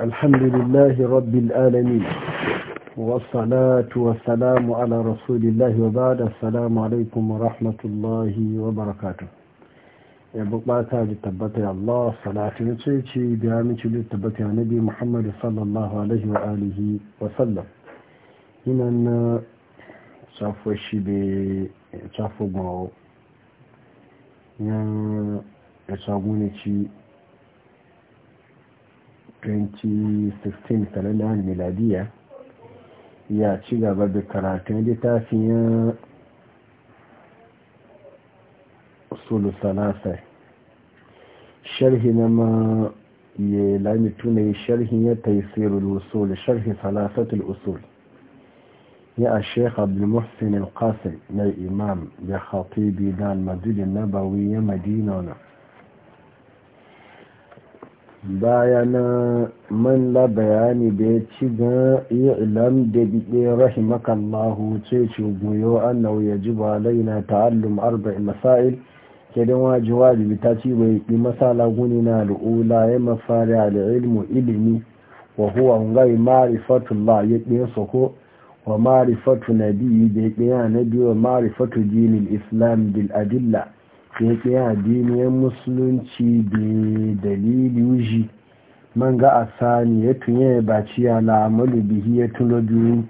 الحمد لله رب العالمين والصلاة والسلام على رسول الله وبعد السلام عليكم ورحمة الله وبركاته ya bukata da tabbata Allah salatu ya ce ce da ya nabi Muhammad sallallahu alaihi ya samu ne ci 2016 kalandar miladiya ya ci gaba da karatun littafin usulu salasa sharhi na ma ya lamitu ne sharhin ya taisirul usul sharhi salasatul usul يا الشيخ عبد المحسن القاسم يا إمام يا خطيب دان مدينة نبوية مدينة baya na man la bayani da ya ci ga ilam da biɗe rahimakallahu ce ce goyo annahu yajibu alaina ta'allum arba'in masail kidan waji wajibi ta ci bai yi masala guni na al'ula ya mafari al'ilmu ilimi wa huwa ngai ma'rifatullah ya ɗin soko wa ma'rifatu nabiyyi da ya ɗin nabi wa ma'rifatu dinil islam bil adilla yake addiniyar musulunci da dalili uji man ga asaa ya tunye baci ya la'amalu bihi ya tuno biyu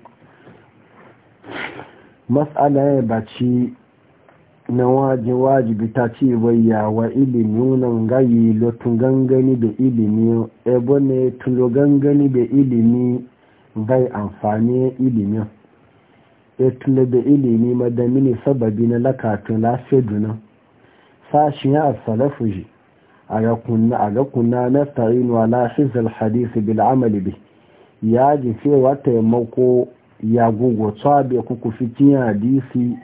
matsala ya baci na wajibi ta ce bayya wa ilimi nan gayi lotun gangani da ilimi ebo ne tulo gangani da ilimi bai amfani ilimin ya e tulo da ilimi madamini sababi na lakatun lafiya dunan sashiya a salafuji a ga kuna na tarin wala hizar hadisi bil amali bi ya ji cewa taimako ya gugu tsabe kuku fikin hadisi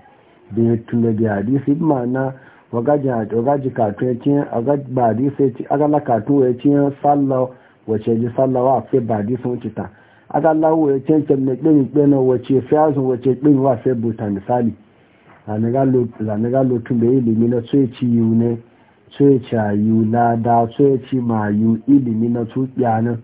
da ya tuna da hadisi ma'ana wagaji kato ya cin ba hadisi ya ci agala kato ya cin sallah wace ji sallah wa fi ba hadisi wuce ta agala ya cin kemne ɗin ɗin wace fiyazin wace ɗin wa fi buta misali ga lotun da ilimi na tsoci yiwu ne tsoci ayu lada tsoci mayu ilimi na tsukiyanin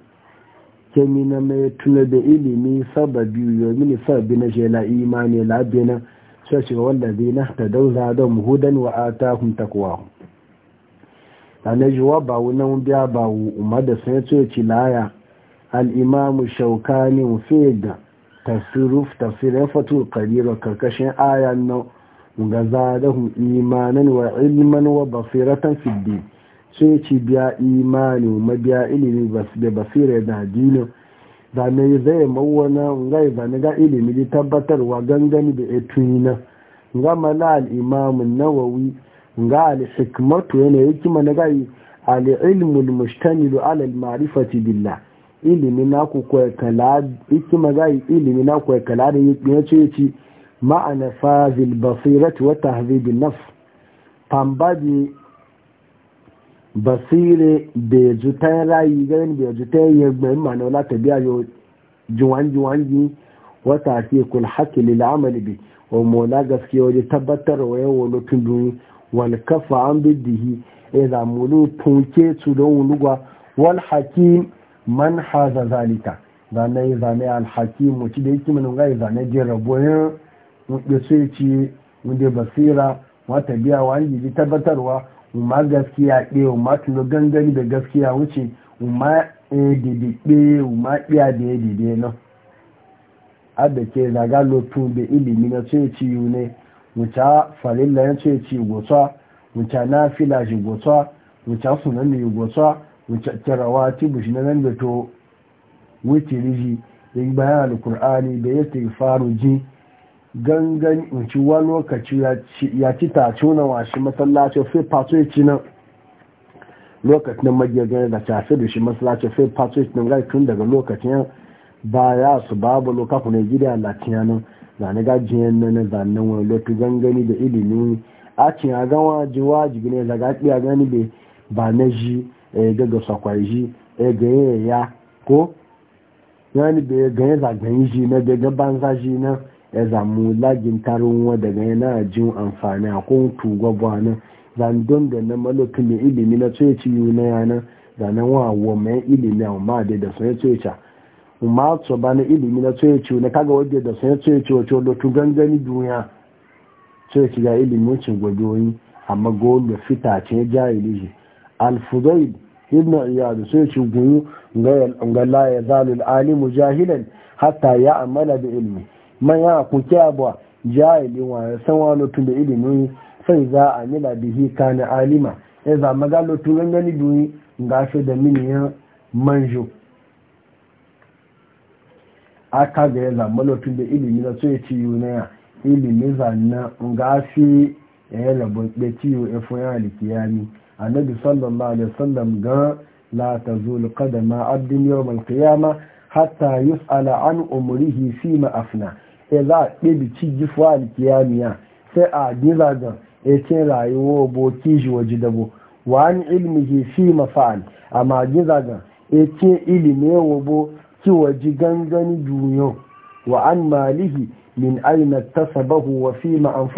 kemi na mai tuna da ilimi sababi yomi sababi na shela imani labi na tsoci wanda zai na ta dauza don hudan wa ata kun takwa zanajuwa ba wunan biya ba umar da sun tsoci laya al'imamu shaukani fi da tafsirin fatul karira karkashin ayan nan ga hu imanan wa ilman wa basiratan fiddi din sai ci biya imani ma biya ilimi da basira da addinin da me zai mawana ga da ne ga ilimi da tabbatarwa gangani da etuina ga mala al nawawi ga al-hikmatu yana yake mana gai al-ilmu al-mustamil ala al-ma'rifati billah ilimi na ku ko kala yake magai ilimi na ku kala da ce ci. Ma'ana مع نفاذ البصيرة وتهذيب nafs فانبادي basire be jutan rayu ganin bai jutan mana la ta biya juwan juwan ji wata ke kul lil amal bi wa mola gaske waje tabbatar wa yawon lokacin dun wal kafa an biddihi e mulu punke su don wulugwa wal hakim man haza zalika zane zane al hakim mutu da yake manin gai zane wanda sai wanda basira wa tabiya wa yi tabbatarwa ma gaskiya ɗaya ma tuno gangani da gaskiya wuce ma ɗe eh, ɗaya ma ɗiya da ya dede nan adda ke zaga lotu da ilimi na ce ci ne wuce farilla ya ce ci gota wuce na fila shi gota wuce sunan ne gota wuce tarawa tibu bushi na nan da to wuce riji da yi bayan alkur'ani da ya faru ji gangan in wani lokaci ya ci ta cuna washi masallacin sai fato ya ci nan lokacin magiyar da tafi da shi masallacin sai fato ya ci nan gai tun daga lokacin ba ya su babu lokacin ne gida latiya nan da na gajiyar nan zanen wani lotu gangani da ilimi a cin a gawa jiwa jigine da gaɗiya gani bai ba na ji eh, ga ga sakwai ji eh, ga yaya ko yani bai ganye zagayen ji na bai gaban za na ya zamu lagin tarin wa daga yana jin amfani a kun tuga bwana zandon da na mai ilimi na tsoyaci na yana zanen wa wa mai ilimi a ma da da soya tsoyaci ma ba na ilimi na tsoyaci na kaga wajen da gangani duniya ga ilimin cin gwajoyi amma gole fita ce ga ya zalu alimu jahilan hatta ya amala da ilmi man manya ku kyabwa jahili wa san wa lotun da ilimi sai za a nila bihi kana alima ya za maga lotun gangani duyi ga shi da miniyan manjo aka ga ya zama lotun da ilimin na sai ya ci yi na ya ilimi zanna ga shi ya yi rabu da ci yi efo ya alikiyami annabi sallallahu alaihi wasallam ga la tazul qadama abdin yawm al-qiyamah hatta yus'ala an umrihi fima afna sai za a ɗebi ci gifuwa alkiyamiya sai a gina ga ya ce rayuwa boki shi waje dabo wa an ilmihi fi mafa'al amma gina ga ya ce ilimi wa ki waje gangani duniyo wa an malihi min aina tasabahu wa fi ma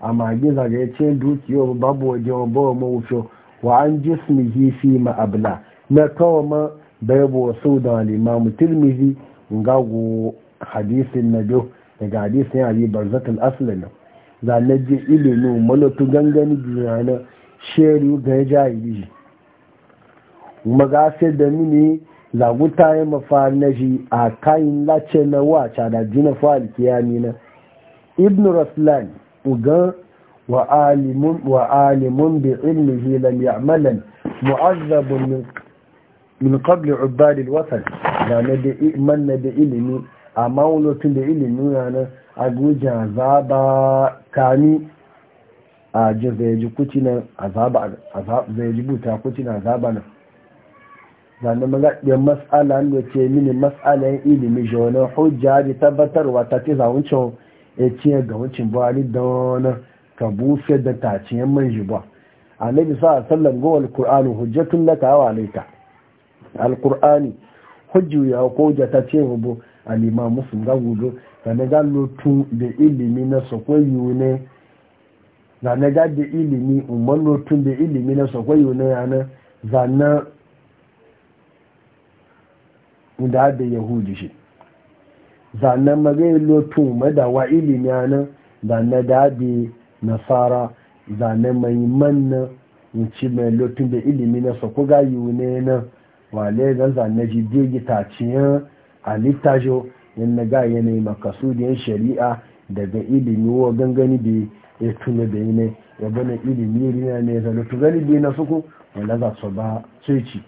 amma gina ga ya ce dukiyo babu waje wa bawa mawucho wa an jismihi fi ma abla na kawo ma bai wasu da limamu ga ngago hadisin na biyu daga hadisun abi barzatul aslan za na je ilimin malatu gangani jiyana sheru ga ya jahili magasai da mini zaguta ya mafari na shi a kayan lace na wace da jina fari kiyami na ibn raslan uga wa alimun bi ilmi hilal ya'malan mu'azzabun min qabli ubadil wasan da na da ilimin. amma wani lokacin da ilimi yana a guja zaba kani a ji zai ji kuci nan zai ji buta kuci nan zaba nan zanen magaɗin matsala da ce mini matsalayen ilimi jonin hujja da tabbatarwa ta ce zawuncin ya ce ga wucin buhari don ka bufe da taciyen man shi ba a nabi sa a sallan gowar alkur'ani hujjatun na kawo alaika alkur'ani hujju ya ko ta ce hubu alima musu ga gudu zane ga lotu da ilimi na sakwayo ne zane ga da ilimi umar lotu da ilimi na sakwayo ne yana zane da da yahudi shi zane magai lotu wa ilimi yana zane da da nasara zane mai manna nci mai lotu da ilimi na sakwayo ne na wale zan zane ji gita taciyar a jo in na ga yanayi makasudiyar shari'a daga ilimi wa gangani da ya tuna da yi ne ya bane ilimi rina ne tu gani biyu na suku wanda za su ba ceci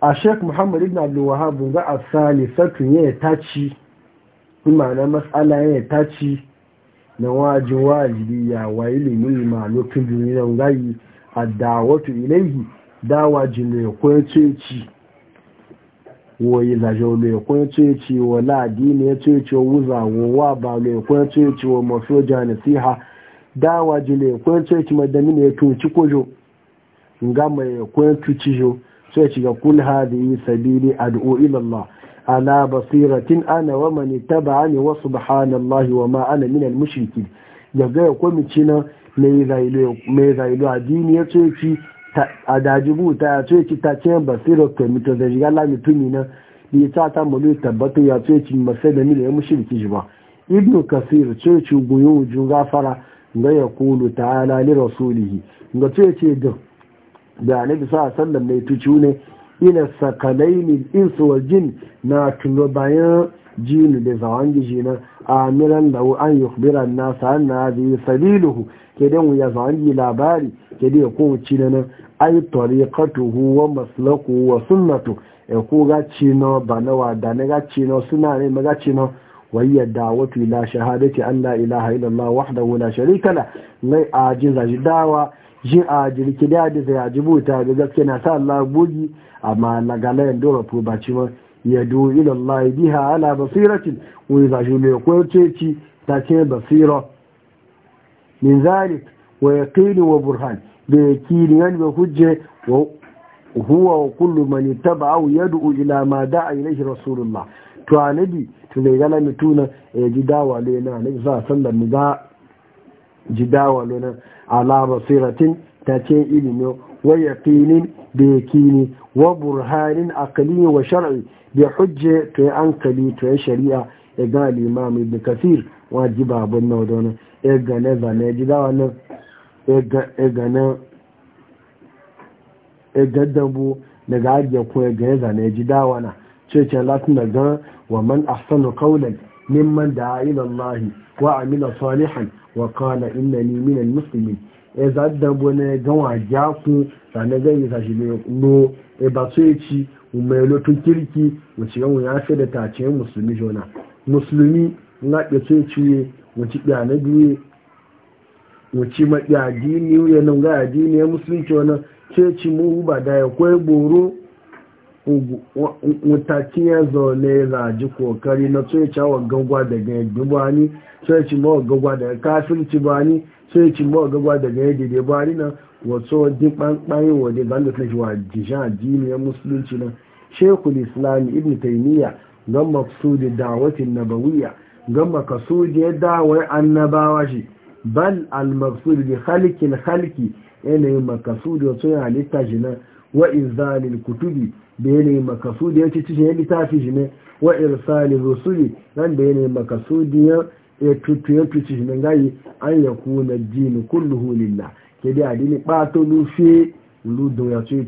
a sheik muhammad ibn abdul wahab ga asali satun ya taci imana matsala ya taci na waji wajibi ya wa ilimi ma lokacin duniya gayi a dawatu ilaihi dawa jin da ya koyar woyi zajo lo ko tsoyeci wa la dini ya tsoyeci wa wuza wa ba lo ko tsoyeci wa masoja nasiha dawa jile ko tsoyeci madami ne to ci kojo nga mai ko tuci jo sai ci ga kul hadhihi sabili ad'u ila Allah ala basiratin ana wa man ittaba'ani wa subhanallahi wa ma ana minal mushrikin ya ga ko mi cina me zailo me zailo adini ya tsoyeci adajibu ta ce ci ta ce basira kemito da shiga mutumi na bi ta ta mulu tabbatu ya ce ci masai da mila ya mushriki shi ba ibn kasir ce ci guyu ju gafara ga ya kulu ta'ala li rasulihi ga ce ce ga da annabi sallallahu alaihi wasallam ne tuci ne ila sakalaini insu wal jin na tuno bayan jinu da zawan gishi na amiran lahu an yukhbira an-nasa anna hadhihi sabiluhu kedan ya zawan labari kedan ya kowace nan ai tariqatuhu wa maslaku wa sunnatu e ko ga cino ba na wada ga cino suna ne ga cino wayya da'watu la shahadati an la ilaha illallah wahdahu la sharika la mai ajiza dawa ji ajiri ki da zai ajibuta da gaske na sa Allah bugi amma na galayan dora ko ba ci ma yadu ila Allah biha ala basiratin wa idha julu ko ta ce basira min zalik wa yaqin wa burhan da ya kiri yan bai hujje huwa wa kullu man au yad'u ila ma da'a ilayhi rasulullah to anabi to ne gala mutuna ya ji dawa le na ne za sallan mu ga ji dawa le na ala basiratin ta ilimi wa yaqinin da yaqini wa burhanin aqli wa shar'i bi hujje to ya ankali to ya shari'a ya ga al-imam ibn kathir wajiba abun nawa da ne zane nan egan na daga ajiyar ko ya gane zane ji dawana cece latin da gan wa man ahsanu qawlan mimman da ila Allah wa amina salihan wa kawana innani minal muslimin e za dambu ne gan wa ja ku zane ga yi sashi ne no e ba so e ci umai lotun kirki wuce yawon ya fi da tace musulmi jona musulmi e na ke so ne wuce wuci maɗi addini ya nan ga addini ya musulunci wani ceci mu ba da ya kwai boro mutakin ya zaune za ji kokari na ceci awa gagwa daga yadda ba ni ceci ma wa gagwa daga kafirci ba ni ceci ma wa gagwa daga ya da ba ni na wato duk ɓanɓayin wa da zanda wa jishan addini ya musulunci na shekul islam ibn taimiyya gan maksudi dawatin nabawiya gan makasudi ya dawai annabawa shi bal al-maqsud bi khalqil khalqi yanayin makasudi wato ya halitta shi nan wa inzalil kutubi da yanayin makasudi ya ci cikin ya littafi shi ne wa irsalin rusuli nan da yanayin makasudi ya tutu ya tuci shi nan gayi an ya kuna jini kulluhu lillah ke da adini ɓato lufe ludo ya ce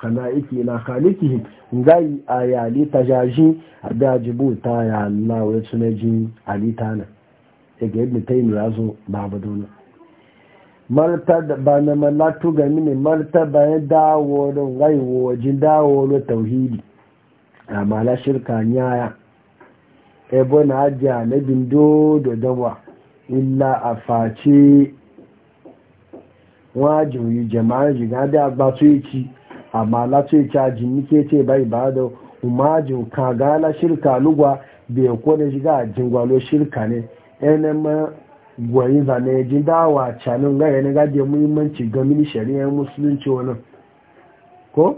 khala'iki ila khaliqihi gayi tajaji da jibuta ya Allah wa ya ga yadda ta ya zo ba ba dole ba na malatu ga mini martaba ya dawo don raiwo waje dawo da tauhidi a mala shirka nyaya ebo na ajiya na bindo da dawa illa a face wajen yi jama'a jiga da ba su yi ci amma lati caji nike ce bai ba da umajin kagala shirka lugwa bai kone shiga a jingwalo shirka ne yana ma gwayin zane ji dawa canin ga na gaje muhimmanci gamin mini shari'ar musulunci wani ko?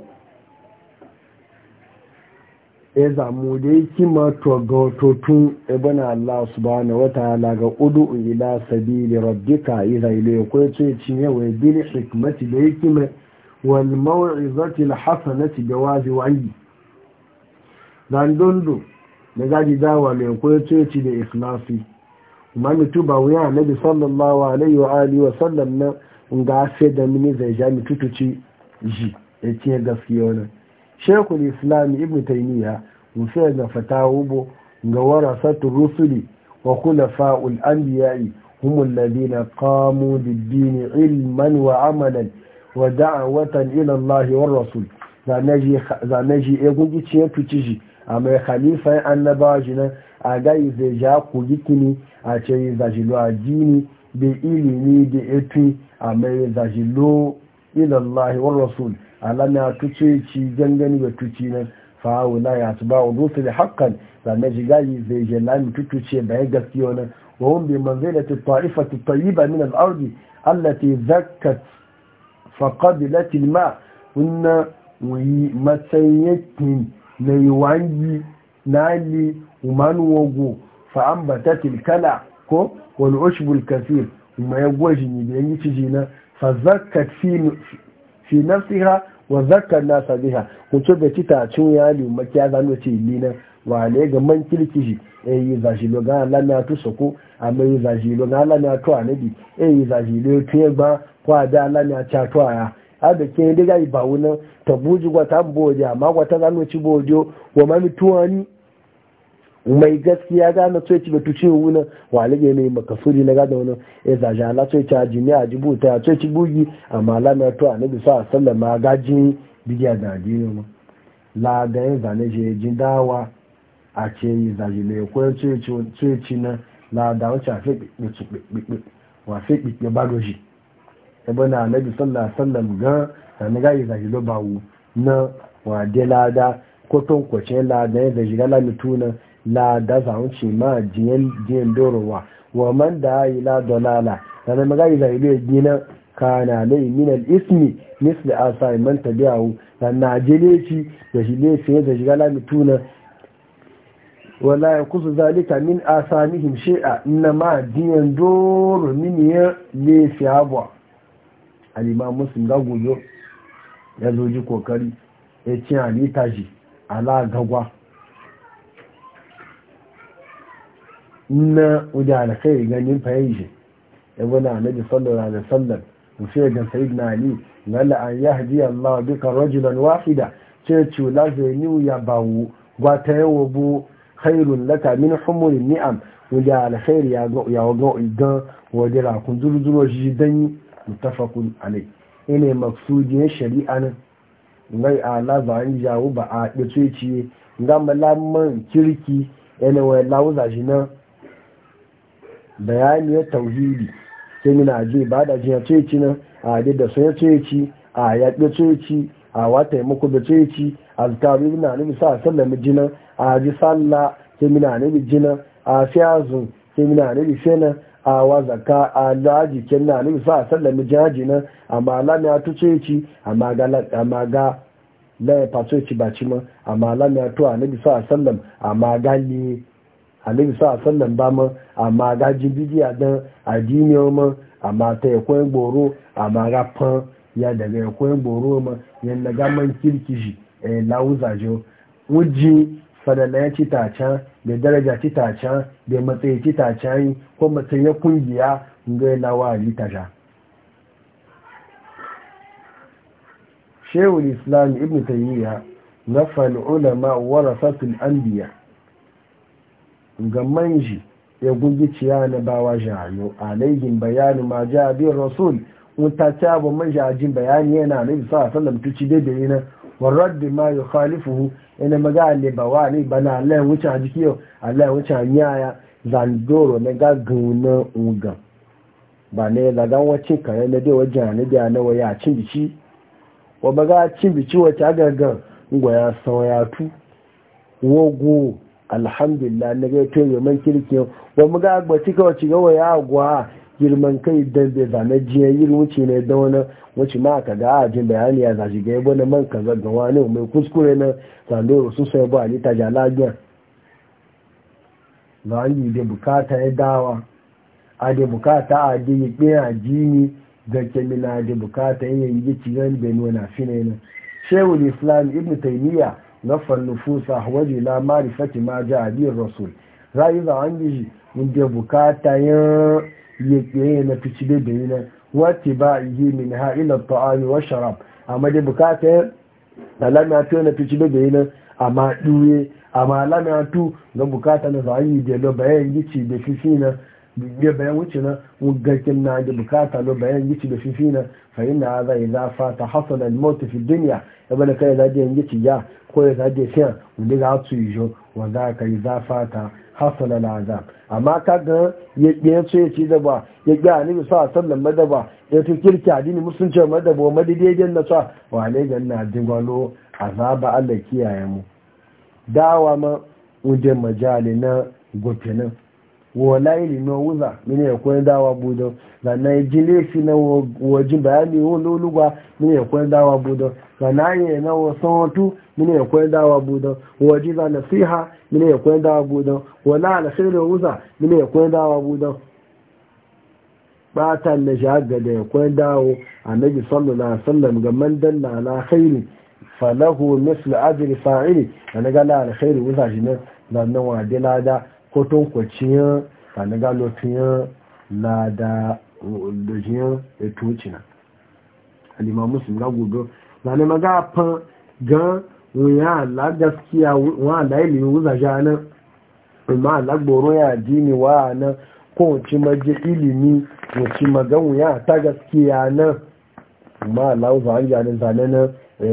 ya e zamu da ya kima togototun ibn e Allah subhanahu wataala ga udu ila sabili rabbika idha ilayhi ko yace cinye wa bil hikmati da yi hikma wal maw'izati na hasanati jawazi wa'i dan dondo da gaji dawa mai ko yace ci da ikhlasi Mami tu ba wuya na bi sallallahu alaihi wa alihi wa sallam na ga da mini zai ja mi tutuci ji ya ce gaskiya wani shekul islam islami ibn taymiya musa da fata hubo ga warasatu rusuli wa kula fa'ul anbiya'i humul ladina qamu lid-dini ilman wa amalan wa da'watan ila allah wa rasul za naji za naji e gungi ce tutuci ji amma khalifa annabawa nan a ga zai ja ku gikini a ce a addini da ilimi da etu a mai zajilu ilallahi wa rasul a tuce ci gangani ga tuci nan na ya su ba wa da haƙƙan sannan shiga yi zai je lami tutuce bayan gaskiya nan wa hun bi manzila ta ta'ifa ta tayyiba min al'ardi allati zakkat faqabilat al-ma hunna wi matsayin na yi yiwangi nali umanu wogu fa'an ba ta tilkala ko wani ushbul kafir ma ya gwaji ne da yanyi ciji na fa zakka fi ha wa zakka nasa ha ko ce bai cita cin ya li makiya zanu ce yi na wa ne ga man kilkiji e yi zaji lo ga Allah na to soko amma yi zaji lo ga Allah na to anabi e yi zaji lo ke ba ko da Allah na cha to aya Ada ke da ga ba wunan ta buji gwata boje amma gwata zanu ci bojo wa mami tuwani mai gaskiya na so ci batu ciwo wunan wa ne mai makasuri na gada na, za ja na so ci ajini a jibuta ta so ci bugi amma na to annabi sa sallama gaji bigiya da addini ma la ga yin zane je jin dawa a ce yi zaje mai koyar so ci na la da wuce a fi wa ba ibn annabi sallallahu alaihi wasallam ga na ga iza jilo bawo na wa de lada ko ton ko ce lada da jiga la mituna lada za mu ce ma jiyan jiyan dorowa wa man da ila dalala kana maga iza jilo gina kana lai min al ismi misli asai man ta tabi'u na najele shi da shi ne sai da jiga la mituna wala ya kusa zalika min asamihim shi'a inna ma diyan doro min ya lefi abuwa alima musu ga goyo ya zo ji kokari ya ci halitta shi ala gagwa na wuda alkhairi ganin fayin shi ya wani annabi sallallahu alaihi wasallam musu ga sayyidina ali lalla an yahdi allah bika rajulan wahida ce cula zai ni ya bawo gwata yawo bu khairun laka min humurin ni'am wuda alkhairi ya ga ya ga wadira kun zuru zuru shi danyi mutafakun alai ine maksudiyar shari'a nan ngai ala za an jawo ba a ɗace ciye nga malaman kirki yana wai lauza shi nan bayani ya tauhidi sai mina je ba da jiya ce nan a da da sun ce ci a ya ɗace ci a wata muku da ce ci azkaru na nabi sa sallama jinan a ji salla sai mina nabi jinan a fiyazun sai mina nabi Awa, zaka a laji na ni sa sallami jaji na amma la mi atuce ci amma ga amma ga la paso ci baci ma amma la mi atu annabi sa sallan amma ga ni annabi sa sallan ba ma amma ga a dan adini ma amma ta ko gboro amma ga pan ya daga ko gboro ma yan ga man kirkiji eh lauza jo wuji fadalla ya ci can, da daraja ci can, da matsayi ci can, ko matsayi kungiya ga lawari tasha shehul islam ibn tayyiya na fal'ulama warasatul anbiya ga manji ya gungi ciya na bawa jayo alaihin bayani ma ja bin rasul mutata ba manji ajin bayani yana nabi sallallahu alaihi wasallam tuci daidai na warraddi ma ya khalifuhu ina maga aliba wa ni bana Allah wuce a jiki yau Allah wuce a yaya zandoro na gagun na ugan ba ne zagan wacce kare na dai wajen na biya na waya cin bici wa maga cin bici wacce a gagan ngwaya sauyatu wogo alhamdulillah na ga to yaman kirkin wa maga agbaci kawai ci ga waya agwa girman kai dan bai zane jiya yi wuce ne da wani wuce ma ka ga ajin bayani ya zaji ga yabo na man ka zaga wani mai kuskure na sandoro su sai ba ni ta yi da bukata ya dawa a da bukata a da yi ɗaya a jini ga kemina da bukata ya yi yi cigan da nuna ne na shehul islam ibn taymiya na fannufusa waje la marifati ma ja abin rasul rayu za an yi da bukata ya yake na fici da bayi na wata ba yi min ha ila ta'ami wa sharab amma dai bukatar alamiya to na fici da bayi na amma duye amma a tu na bukata na zai da lo bayan gici da fifi na ya bayan wuce na wugarkin na da bukata lo bayan gici da fifi na fahim na za idza fata hasala al mota fi ya ibn kai da gici ya ko ya da fiya wanda za su yi zo wanda yi za fata hasala na azab amma kaga ya ya ci da ba ya ga annabi sa sallan madaba ya to kirki addini musulunci madaba madidejin na sa wa ne a dingwalo azaba Allah kiyaye mu dawa ma uje majali na gokenin Wola ili no wuza mini ya kwen dawa budo na na jile na wajin bayani wo lulugwa mini ya kwen dawa budo sanaye na wasan wato mine ya kwai dawa budan wajiza nasiha mine ya kwai dawa budan wala alkhairu wuza mine ya kwai dawa budan batan da shaga da ya kwai dawo annabi sallallahu alaihi wasallam ga man dalla na khairi falahu mislu ajri fa'ili ana ga alkhairu wuza shi ne zannan wa dilada ko tun kwaciya na ga lotiya lada lojiya da tuci na muslim ga gudo zane maga fan ga wuya la gaskiya wa da ile wuza jana ma la gboro ya dini wa na ko ci maje ilimi ko ci ga wuya ta gaskiya na ma la wuza an jana zane na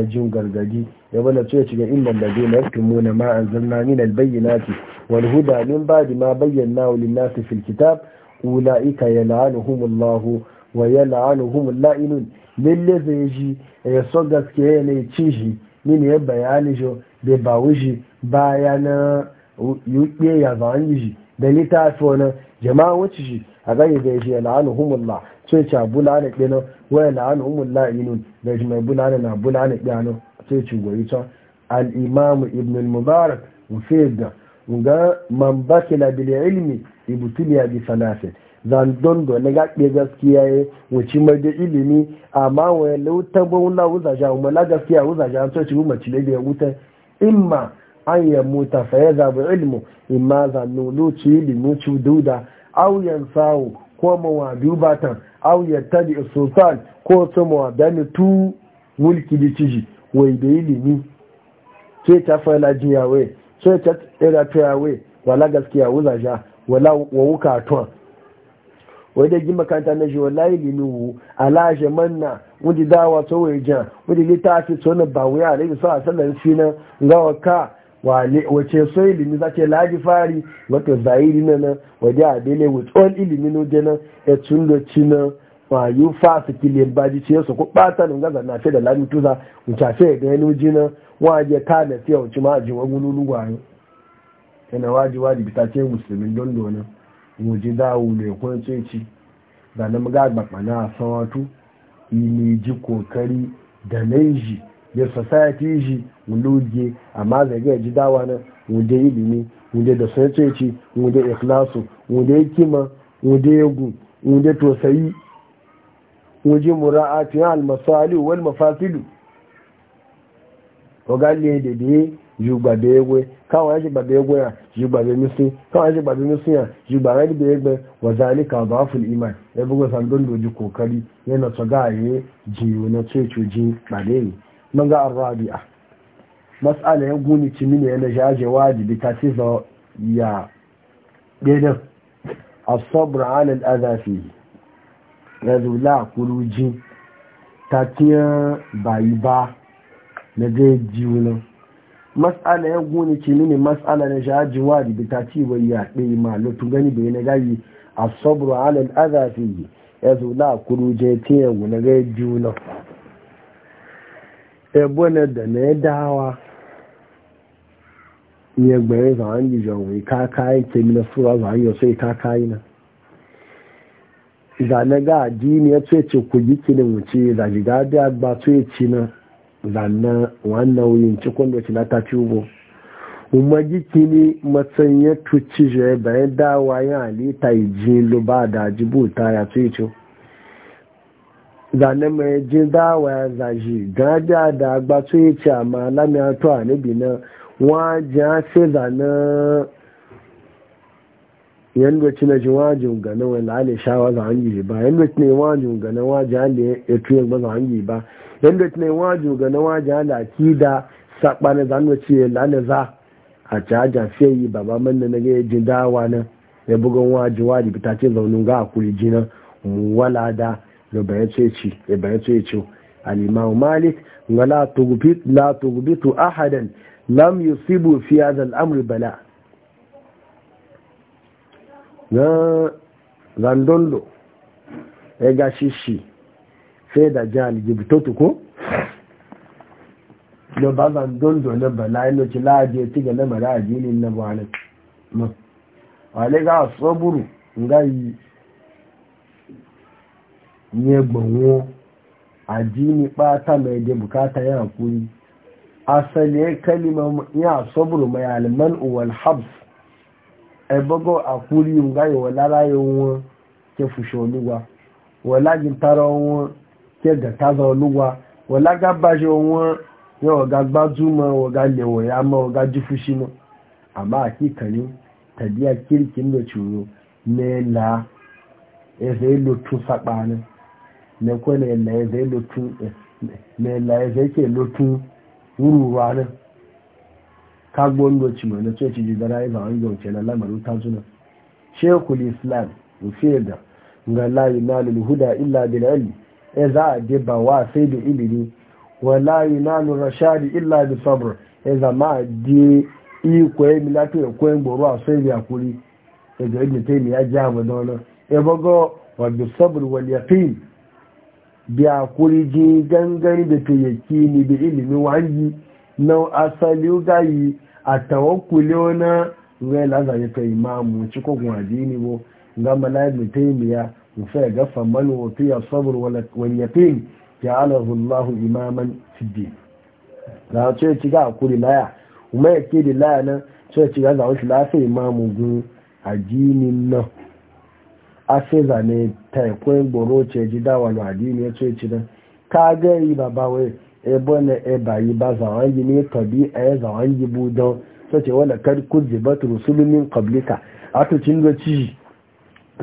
jin gargadi ya bala ce ci ga inna da zai na tumu na ma an zanna min albayyinati wal huda min ba'di ma bayyana lin nasi fil kitab ulaika yal'anuhumullahu wa yal'anuhumul la'inun lalle zai ji ya so gaskiya ne ci shi mini ya bayani shi bai ba wushi baya na yuɗe ya zan shi da ni ta littafi wani jama'a wuce shi a gani zai e shi ya hannu humullah sai ci abula na ɗinan waya la'anu humullah inun da shi mai bula na bula na ɗinan sai ci goyi can al'imamu ibn al-mubarak mu fi ga man bakila bil ilmi ibtuliya bi salasin zandon da na gaɓe gaskiya ya wuce mai da ilimi amma wani lautan ba wula wuza ja wuma na gaskiya wuza ja to ci umar ci da ya wuta imma an ya muta fa ya zabi in imma zanno luci ilimu ci duda au sawo ko mawa dubatan au ya sultan ko su mawa dani tu mulki da ciji wai da ilimi ce ta fa la ce ta tsira ta wala gaskiya wuza ja wala wawuka tuwa wajen gin makaranta na shi wallahi linuhu ala manna wudi dawa to wajen wudi litafi to na ba wuya alaihi sallallahu alaihi wasallam shi na ga waka wace so ilimi za ce laji fari wato zahiri na nan waje a dele with all ilimi no jana e tun da ci na ma yu fa su kile baji ce su ku bata nun gaza na fe da lami tuza in ta fe ga yanu jina waje ka da fiye wuce ma a ji wani lulu gwayo yana e waji waji bita ce musulmi don donan wuji dawo lè kún da na muga gbàgbà na sanwatu ilé ji kokari da nan ji da society ji wuluje amma zage ji dawa na wunde ilimi wuje da sun wuje ci wunde ikhlasu wunde kima wuje yagu wuje tosayi wunde mura'atin al wal mafasilu ogalle da dai ju gbàgbé ewé káwọn ẹ̀ṣẹ̀ gbàgbé ewé à ju gbàgbé mísí káwọn ẹ̀ṣẹ̀ gbàgbé mísí à ju gbàgbé ẹgbẹ̀ ẹgbẹ̀ ní kàbá fún ìmá ẹgbẹ́gbẹ́ sàndóńdó ju kòkari yẹn tó gáàyè jìyàn na tó ètò jìn gbàgbé yìí mọ́gá arọ́bì à masala ya guni ci mini yana jaje wajibi ta ce za ya ɗaya asabra alal azafi ya zula kuruji ta tiya bayi ba na gaji wunan mas'ala ya gune ce mini mas'ala na shaji wadi bi ta ci wai ya ɗaya ma lutun gani bai na gayi a sabru ala al'aza fi ya zo la kuru je te ya gune ga juna e bona da na dawa ya gbaye za yi ji jawo ka kai ke mina sura za yi sai ka kai na za na ga addini ya ce ce ku yi kinin wuce za ji ga da ce ci na zanna wannan wuyin cikin da na ta ci ubo umagiki ne matsayin ya tuci shi bayan dawa yin halitta ji lo ba da jibuta ya ce ce zane mai ji dawa ya zaji gaja da agba to ya ce amma lamina to a nabi na wajen ya ce yan yadda ci na ji wajen ganin wani alishawa za hangi ba yadda ci ne wajen ganin wajen ya tuye ba za hangi ba yadda tunai wajo ga na waje halaki da saɓani za zanu ce lalaza a caja fiye yi baba man na ga jin dawa nan ya bugan waje waje fita ce zaunin ga akuri jina wala da ya bayan ce ya bayan ce ce alimamu malik ga la tugubitu ahadan lam yusibu fi hadha al bala na zandondo ya gashi shi sai da jihar jibitotu ko da ba zan dondo na bala ilo ci laje ya tiga lamara a jinin na buwanin ma wale ga soburu nga yi nye gbanwo a jini bata mai da bukata ya kuri asali ya kalima ya soburu mai alman uwal habs a e bago a kuri nga yi wala rayuwa ke fushe oluwa wala gintara wọn kí ẹ̀gà káza olúwa ọ̀lágábáṣe wọn ní ọ̀gá gbájúmọ̀ ọ̀gá ya mọ́ ọ̀gá jífúṣí mọ́ àmá tàbí àkíríkì ń lọ́tùrú mẹ́la ẹ̀fẹ́ ló tún sápá ní mẹ́kọ́ mẹ́la ẹ̀fẹ́ ló tún wúrúwa ní kágbó ń na ní tó ti di ń yọ òkè lálámàrú tájúnà ṣéèkùl islam òfin ẹ̀dà ń láàyè náà lè ìlà ya za a ba wa sai da ilimi wala yunalu rashadi illa bi sabr ya zama de iko ya milatu ya koyin gboro a sai da kuri ya ga ibn taymi ya ji abu da wannan ya bago wa bi sabr wal yaqin bi akuri ji gangan da ta ni bi ilimi wangi na asali gayi a tawakkuli na ga lazari ta imamu ci ko kuma dini bo ga malaikatu taymiya musa ga faman wafiya sabr wal yaqin ja'alahu Allahu imaman siddiq da ce ci ga kuri laya kuma yake da laya nan ce ci ga zawo shi lafi imamu gun addinin nan a sai zane ta kwai gboro ce ji dawa no addini ya ce ci nan ka ga yi ba wai ebo na ba yi ba zawon yi ne tabi a ya zawon yi budon sace wala kar kuzi ba rusulumin qablika a to cin ci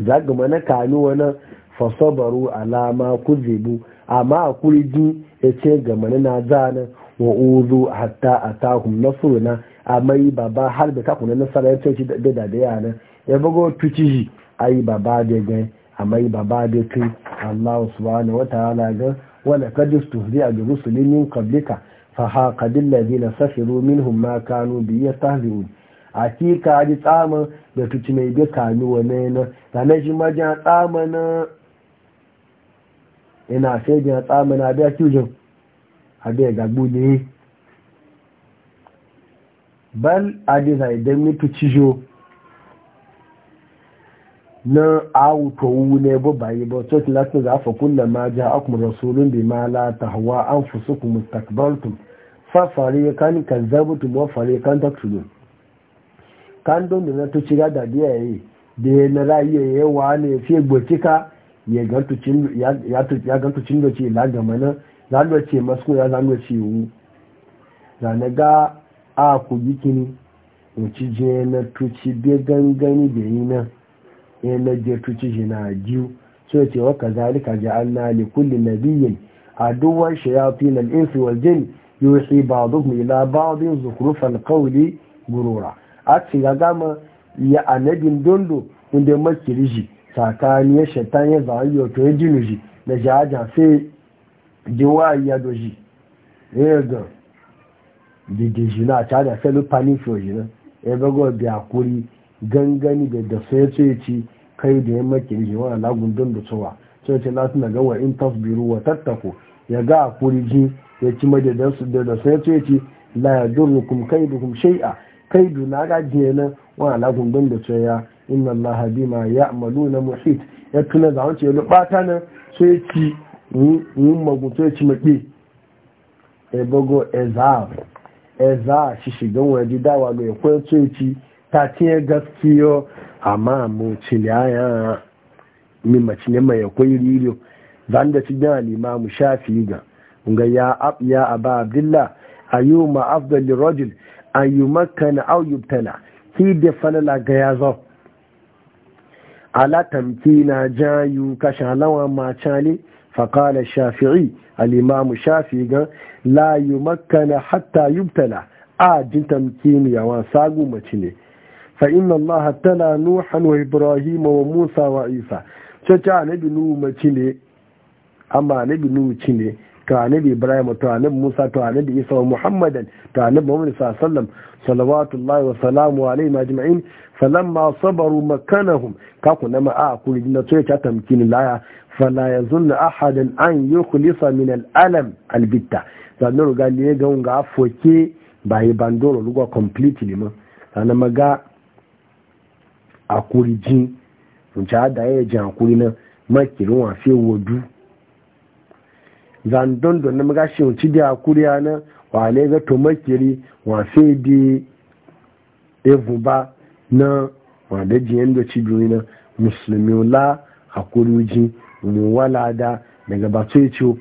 za ga mana kanu wani fasobaru alama kuzibu amma a kurji ya ce ga mana na zanen wa uzu hatta a takun nasuruna a mai baba har da takun na nasara ya ce da da da yana ya bugo tuci shi a yi baba da gan a mai baba da kai allah subhanahu wa ta'ala ga wani kadistu zai a ga musulmi min kablika fa dillazi na safiru minhum ma kanu biyar yastahzi'un hakika ji tsama da tuci mai bi kanu wane na da na shi majiya tsama na ina sai jiya tsama na biya kyujin abin gagbo ne bal a zai don mitu cijo na auto ne bayi ba so tilatin za fa kullum ma ja akum rasulun bi ma la tahwa anfusukum mustakbaltum fa fariqan kazzabtum wa fariqan taktulun Kando da na tuci ga da biya yi da ya na rayu ya yi wa ne fiye gbocika ya gantu cin doce la gama na zanuwa ce masu ya zanuwa ce wu zane ga a ku in ci je na tuci be gangani da yi na ya na je tuci shi na jiyu so ce wa ka zalika ji an na li kulli nabiyin a duwan shayafi na insu wal jin ba ba'dhum ila ba'dhin zukhrufal qawli gurura a ya gama ya anabin dondo inda makiri ji tsakani ya shaitan ya zama yi to ya jinu ji na jaja sai jiwa ya doji ya ga didi shi na ta da sai lupanin fiye na ya bago a kuri gangani da da sai ce ci kai da ya makiri ji wani lagun dondo cewa sai ce lati na gawa in tasbiru wa tattako ya ga a kuri ji ya ci madadin da da sai ce ci la ya kai dukum shai'a kai na ga na wa alagun da ce ya inna Allah bima ya'malu na muhit ya tuna da wance ya lubata na sai ci yin magutu ya ci maɗi e bogo ezab eza e shi shigan waje dawa ga ya kwaya sai ci ta tiye gaskiyo amma mu ciliya mi mace ne mai akwai da ci limamu shafi ga ya ab ya aba abdullah afdal ayyumakana ayyubtala ki da falala ga yazo ala tamkina jayu ka shalawa ma cale faƙala shafi'i alimamu shafi gan la yumakana hatta yubtala a jin tamkini yawan sagu mace fa inna allaha tala nuhan wa ibrahim wa musa wa isa cece a nabi nuhu mace amma to ibrahim to musa to annabi isa wa muhammadan to annabi muhammad sallallahu alaihi wa salawatullahi wa salamu alaihi ajma'in ma sabaru makanahum kaku na ma a kuri na to ya tamkin laya fala a hadin an yi kulisa min al'alam albita. al-bitta sannan ruga ne ga afoke. Ba yi bandoro ruga completely ma sannan maga kuri jin mun ja da ya a kuri na makirin wa fi wadu zandon da na magashi wuce da kuriya na wane ga tomakiri wafe di evu ba na wada jiyan da cibiyoyi na musulmi la a kuruji mu wala da daga batu ya ciwo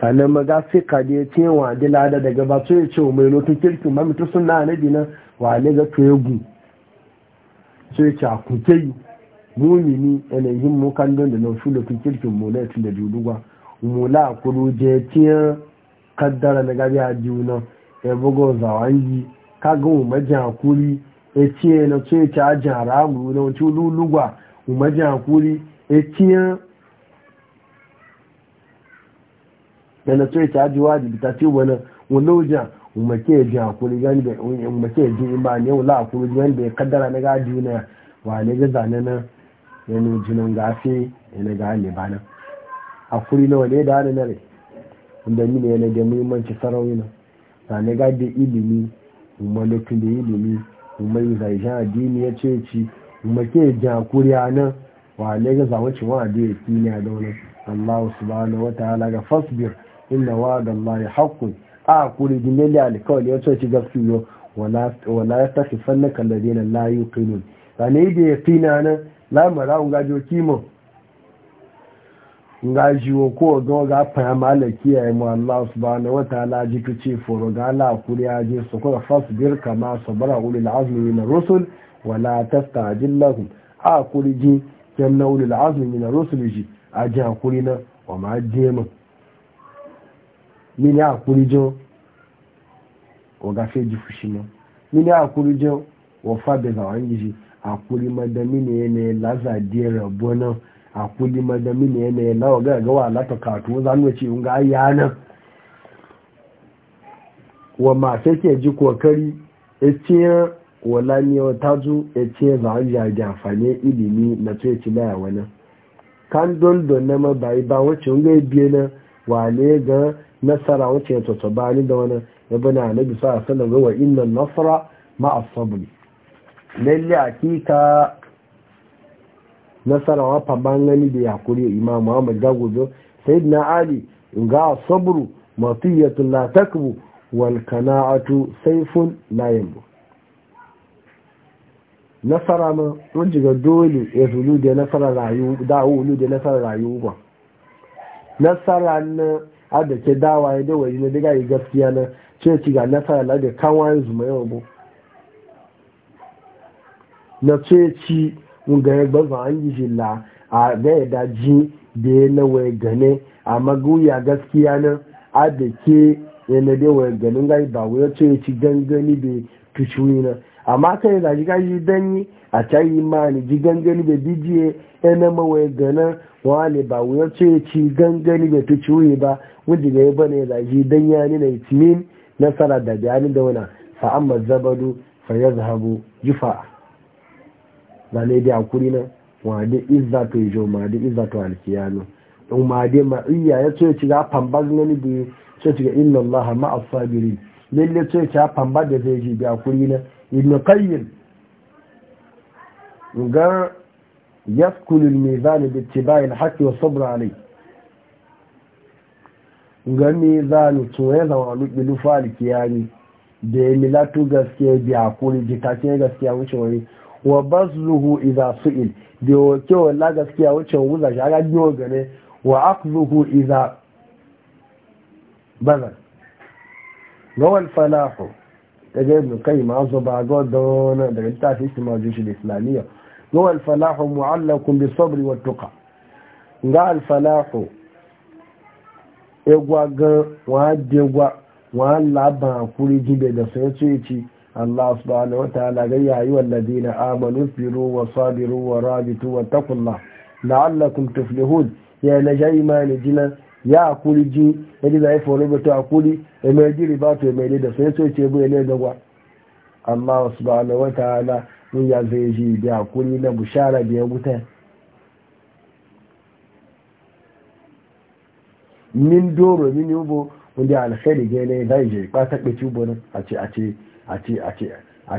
sannan maga sai ka da ya ce wade lada daga batu ya ciwo mai lotu kirkin mamitu suna na dina wale ga to gu sai ce a kuke yi mumini yanayin mu kan don da nausu da tun kirkin mu na tun da juduwa mula kuru je tiyan kaddara na gabi a juna ya bugo zawangi kaga mu majin hakuri ya e tiyan na ce e ta ajin haramu na wancan lulugwa mu majin hakuri ya tiyan da na ce ta ajin wajibi ta ce wani wani wajen umake ji hakuri gani da umake ji imani yau la hakuri gani da ya kaddara na gaji na wane ga zane na yana jinan gafe yana ga ne bana a kuri na wane da hannun nare inda ni ne yana da muhimmanci sarauni na ta ne ga da ilimi lokacin da ilimi umar zai jan addini ya ce ci umar ke a kuri a nan wa ne ga zawaci wa da ya fi ne a daunin allah subhanahu wata ta'ala ga fasbir Inda wa da ya a kuri dinne da alkawali ya ce ci gaskiyo wala ya tafi fannin kallade na layu kinun ta ne da ya fi na nan láìmọ̀ ń gajo kímọ̀ ń gajo kó ọ̀gán ga fàyà málẹ̀kí ẹ̀mọ̀ aláṣùbáná wata alájí tó ce fòrò ga aláàkúrí ajé sọkọ́rọ̀ fasbir kama sọ̀bára orí la'azumi na rusul wà àkúrí jí orí rusul ajé àkúrí na máa jẹ́ mọ̀ nínú àkúrí ọ̀gá fẹ́ jù nínú àkúrí wọ́n fà bẹ̀rẹ̀ àwọn yìí akuli madami ne ne laza dira bonan akuli madami ne ne lawa ga ga wala to kato za mu ce unga ayyana wa ma sai ke ji kokari etiyan wala ni o taju etiyan za ya ji fane, ilimi na to ci da wani kan don don na ma bai ba wace unga biye na wale ga nasara wace to to bani da wani ibn annabi sallallahu alaihi wasallam wa inna nasra ma'a sabri lalle hakika nasarawa fabangani da yakuri imam muhammad gagozo sayyidina ali ga sabru matiyatu la takbu wal kana'atu sayfun la yambu nasara ma mun jiga dole ya zulu da nasara rayu da hulu da nasara rayu ba nasara na a da dawa ya da waje na daga gaskiya na ce ci ga nasara la da kawai zuma yau na ci ga ya ba an yi jilla a ga ya daji da ya na waya gane a maguya gaskiya na a da ke ya na da waya gane gai ba wai ci gangani da tuciwi na amma kan yi zaji gaji danyi a can yi ma ni ji gangani da bijiye ya na mawai gane wani ba wai ci gangani da tuciwi ba wajen ga ya bane zaji dan ya ni na itimin nasara da bayanin da wana fa'amma zabadu fa ya zahabu jifa'a zane da hakuri na wade izza to ijo ma de izza to alkiyano in ma de ma iya ya ce ci ga pamba ne da ce ci ga inna allaha ma as lalle ce ci pamba da zai ji da hakuri na ibn qayyim ga يثقل الميزان باتباع wa والصبر عليه ga mizanu tsoye zama lufa alkiyani da ya milatu gaskiya biya kuri ce gaskiya wuce wani wa bazluhu idza su'il da wake wala gaskiya wucin wuza shi aga biyo gane wa akzuhu idza bazal lawal falahu daga ibn qayyim azaba ga don daga tafi istimaju da islamiyya lawal falahu mu'allakun bi sabri wa tuqa ga al falahu egwa ga wa degwa wa laban kuri jibe da sai ce ci Allah subhanahu wa ta'ala ga yayi wallazina amanu firu wa sabiru wa rabitu wa taqullah la'allakum tuflihun ya na jaimani jina ya akuli ji yadda zai foro bato akuli ya mai jiri ba to mai da sai sai ce bu ne gagwa Allah subhanahu wa ta'ala mun ya zai ji da akuli na bushara da ya wuta min doro min yubo wanda alkhairi ga ne dai je ba ta kace ubo a ce a ce a ce a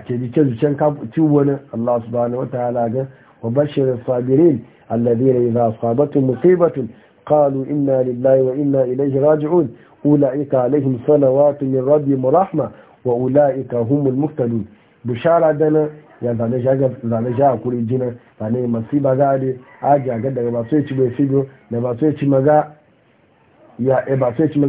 ce wani Allah subhanahu wataala ga wa bashirin sabirin za su asabatu musibatun kalu inna lillahi wa inna ilaihi raji'un ulaika alaihim salawatun min mu rahma wa ulaika humul muhtadun bishara dana ya zane shi a kuri jina zane masu ba za a a daga da ba sai ci maza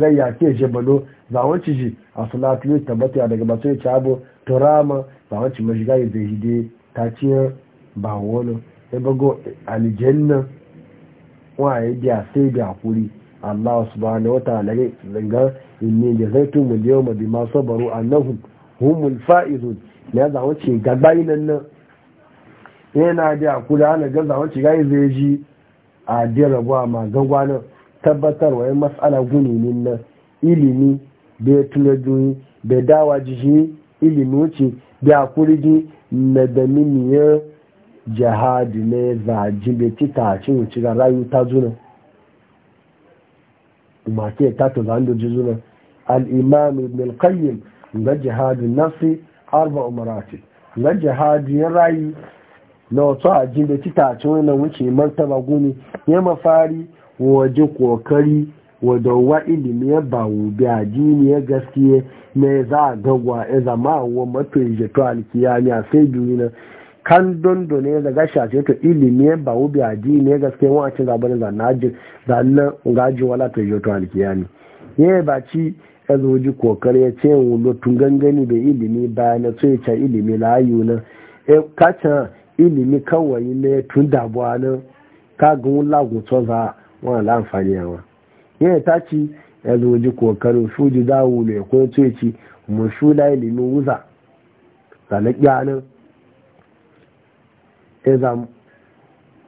ya balo za wanci shi a salatu ya tabbata daga masu ya ci abu turama ba wacce mashiga yi zai hide ta ciyar ba wani ya bago aljanna wa ya biya sai biya kuri Allah subhanahu wa ta'ala ne zanga inni da zaitu mu yau ma bima sabaru annahum humul fa'izun ya za wace gaba nan nan yana da kuri ana gan za wace ga zai ji a dira rabuwa ma gagwa nan wa ya mas'ala gununin nan ilimi be tulajuyi be dawa jihi ilimin ce be akuriji na da miniyar jihadi ne zaji tita, ci tashin ga rayu ta zuna umarke ta to zan doji ji zuna al'imam ibn al-qayyim ga jihadin nafsi arba umarati jihadi ya rayu na wato a jin tita ci tashin wani wuce martaba guni ya mafari waje kokari wadauwa ilimi e ya bawo biya jini ya gaskiye ne za a gagwa ya zama wa mato ya jato alkiyami a sai biyu na kan dondo ne daga shace to ilimi ya bawo biya jini ya gaskiye wa a cin zaɓar da na ji da na gaji wala to ya jato alkiyami ya ba ci ya e zo ji kokari ya ce wulo tun gangani da ilimi ba na so ya ca ilimi layu na ya e kaca ilimi kawai ne tun dabuwa na kagun lagun tsoza wani amfani yawa ya ta ci ya zo ji kokarin su ji dawo ne ko ce ci mu su da ilimin wuza zane kyanin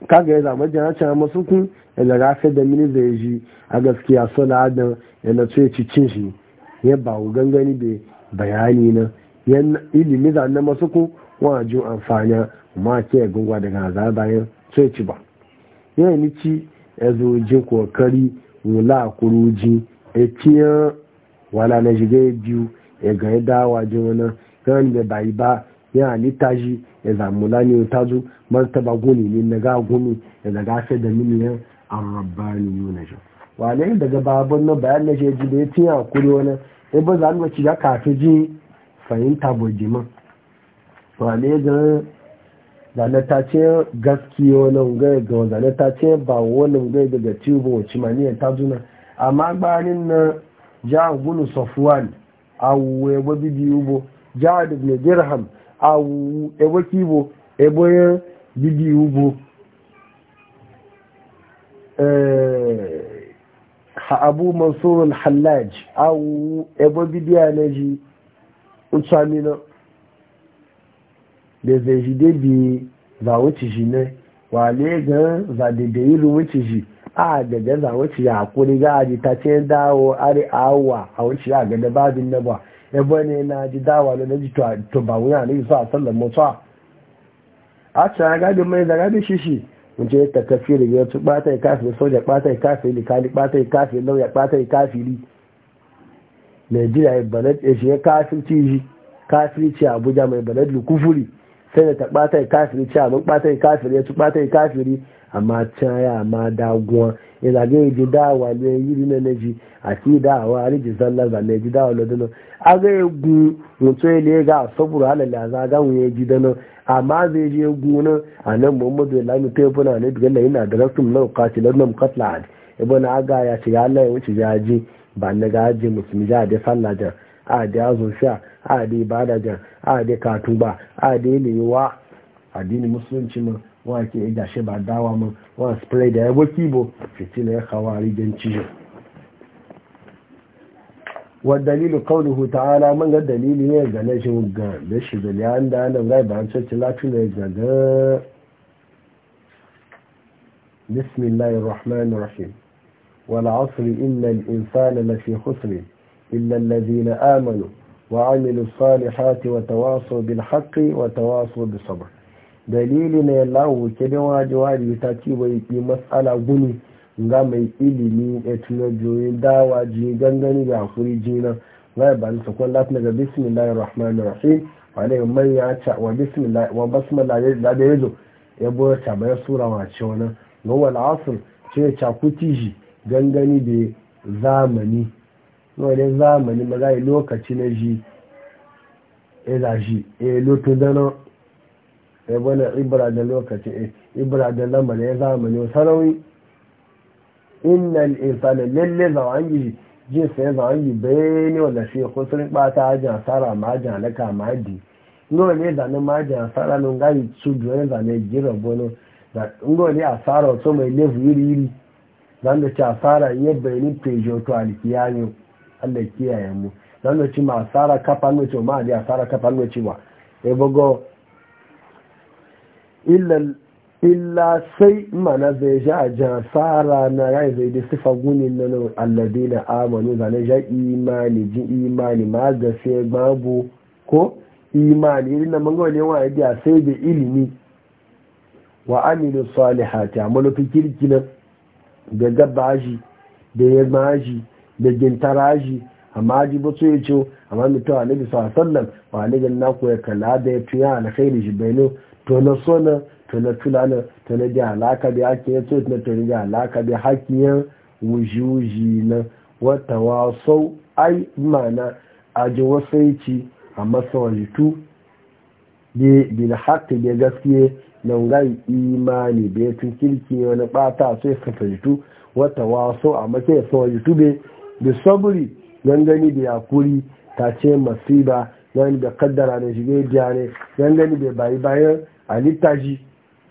kaga ya zama jana cana masu kun ya zaga fi da mini zai ji a gaskiya suna adam ya na ce ci cin shi ya ba gangani bai bayani na yan ilimi zane masu kun wajen amfani ma ke gungwa daga azar bayan ce ci ba yana ni ci ya zo jin kokari wula kuruji e tiya wala na jige biyu e ga yadda waje wani kan da bai ba ya halitta shi ya e zamula ne ta zo martaba guni e ne na ga gumi ya ga sai da miliyan arabani yuna shi wale daga babun na bayan na shi da ya tiya kuri wani ya e ba za a ci ga kafin ji fahimta bojiman wale ga zane ta ce gaskiyo wani ngai ga zane ta ce ba wani ngai daga tubo wacce maniyan ta zuna amma gbanin na ja gunu safwan awu ebo bibi ubo ja da ne dirham awu ebo kibo ebo ya bibi ubo ha eh, abu mansur al-hallaj awu ebo bibiya na ji utsamina da zai shi dai bi za wuce shi ne wale gan za da da yi wuce shi a daga za wuce ya hakuri ga aji ta ce dawo ari awa a wuce ya ga da babin na ba ya ne na ji dawa na ji to ba wuya ne sa sallan mutuwa a can ya gadi mai zaga da shi shi wuce ta kafiri ya ci bata ya kafiri soja bata ya kafiri kali bata ya kafiri lauya bata ya kafiri najeriya ya balad ya shi ya kafirci shi kafirci abuja mai balad lukufuri sai da ta kafiri ci abin ɓata kafiri ya ci ɓata kafiri amma can ya ma daguwa ya zage ya ji dawa ne yi rina na ji a fi dawa a rijin zallar ba na ji dawa lodino a ga ya gu mutu ya ne ga saboda halalla za zaga mu ya ji dano amma zai je gu nan a nan muhammadu ya lami ta ne ne na yana da na katilar na mukatla a ibo na aga ya ce ya allah ya wuce ya ji ba na ga ji musulmi ya da sallajar a de sha a bada badajan a de katuba a de lewa addini musulunci mu wa ke gashi ba dawa mu wa spray da yabo kibo fiti na ya kawari don cijo wadalilu kaunuhu ta'ala mun ga dalili ne ga na shi ga da shi da da nan gai ba ce ci lati ne ga ga bismillahir rahmanir rahim wal asri innal insana lafi إلا الذين آمنوا وعملوا الصالحات وتواصوا بالحق وتواصوا بالصبر دليلنا الله lawo ke da wajibi ta ci bai yi matsala guni ga mai ilimi ya tuna joyi dawa ji gangani da hakuri jina wai ba nisa kun lati daga bismillahir rahmanir rahim wa ne mai ya ca wa bismillah wa basmala da da yazo ya bo ta bayan sura wa ce wannan ga wal asr ce ca kutiji gangani da zamani wani zamani maza yi lokaci na ji e za shi e lotu dana e wani ibra da lokaci e ibra da lamar ya zamani sarauni innal insani lalle zawan yi jin sai zawan yi bayani wanda shi kusurin bata ajiyar asara ma ajiyar halaka ma di nuna ne zane ma ajiyar asara nun gari su duwai zane jiran bono nuna ne asara wato mai lefu iri iri zan da ci asara yi bayanin pejoto alikiyayo Allah kiyaye mu dan da ci ma sara kafa no ci ma da sara kafa no ci wa e bogo illa illa sai mana zai ja ja sara na rai zai da sifa guni nan alladina amanu zane ja imani ji imani ma ga sai babu ko imani irin nan mango ne wa ya sai da ilimi wa amilu salihati amalu fikirki nan da gabaji da yamaji. da gintaraji amma ji ba su yi ciwo amma mutu a nabi sallam ba nigin na koya kala da ya tuya alkhairi shi bai to na sona to na tulana to na ji alaka da ake ya so na to ji alaka da hakiyar wujuji na wata wasau ai mana a ji ci, a masawajitu bil haka da gaskiye na ngai imani bai tun kirki wani bata sai safajitu wata waso a mace sawajitu bai da saburi gangani da yakuri ta ce masiba gani da kaddara da shige biya ne gangani da bayi bayan halitta ji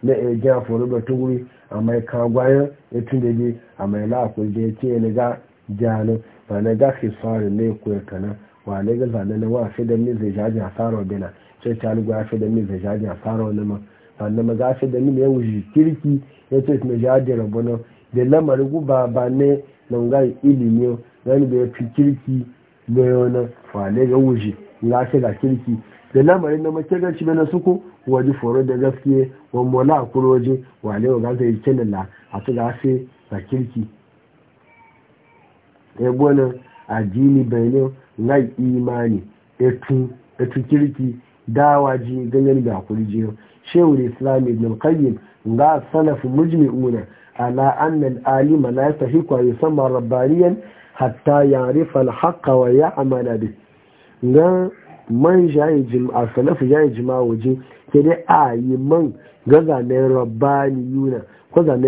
na ejiya aforo da tuguri a mai kagwayen ya tun da bi a mai la'akuri da ya ce ya ga jihani ba na ga fisarin ne kuwa kana wa na ga zane na wa fi da min zai jajin asara bina sai ta lugu ya fi da min zai jajin asara wani ma ba na maza fi da min ya wuji kirki ya ce na jajin rabu da lamarin guba ba ne na ngai ilimin wani da ya fi kirki da yana fale ga wuce ce ga kirki da lamarin na mace gaci na suku waje foro da gaskiye wa mola a kuroje wa lewa ga zai ce lalla a su ga sai ga kirki ya e gwana addini bayanin ngai imani etu e kirki dawa ji ganyen da hakuri jiyo shehu islami ibn qayyim ga salafu mujmi'una ala anna al-alima la yastahiqu yusamma rabbaniyan hatta yarifa alhaqa wa ya'mala bi ga man jayi jima'a salafu jayi jima'a waje ke dai a yi man ga zane rabbaniyuna ko zane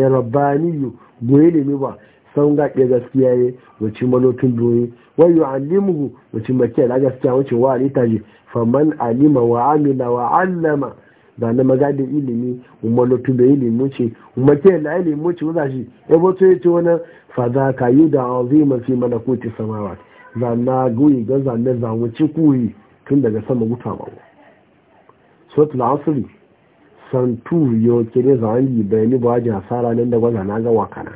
goye ne ba san ga ke gaskiya ye wacin malokin doye wai yu alimuhu wacin makiyar na gaskiya wacin wa alita ji faman alima wa amina wa allama ba na magadin ilimi umar lotu da ilimin ce umar ke na ilimin ce wuza shi ebo to ya ce wani fada ka yi da mafi mana malakuti samawa za na goyi ga zane zamuci kuyi tun daga sama guta ba sot la'asiri santu yau kere za yi bayani ba wajen asara nan da gwaza na ga wakana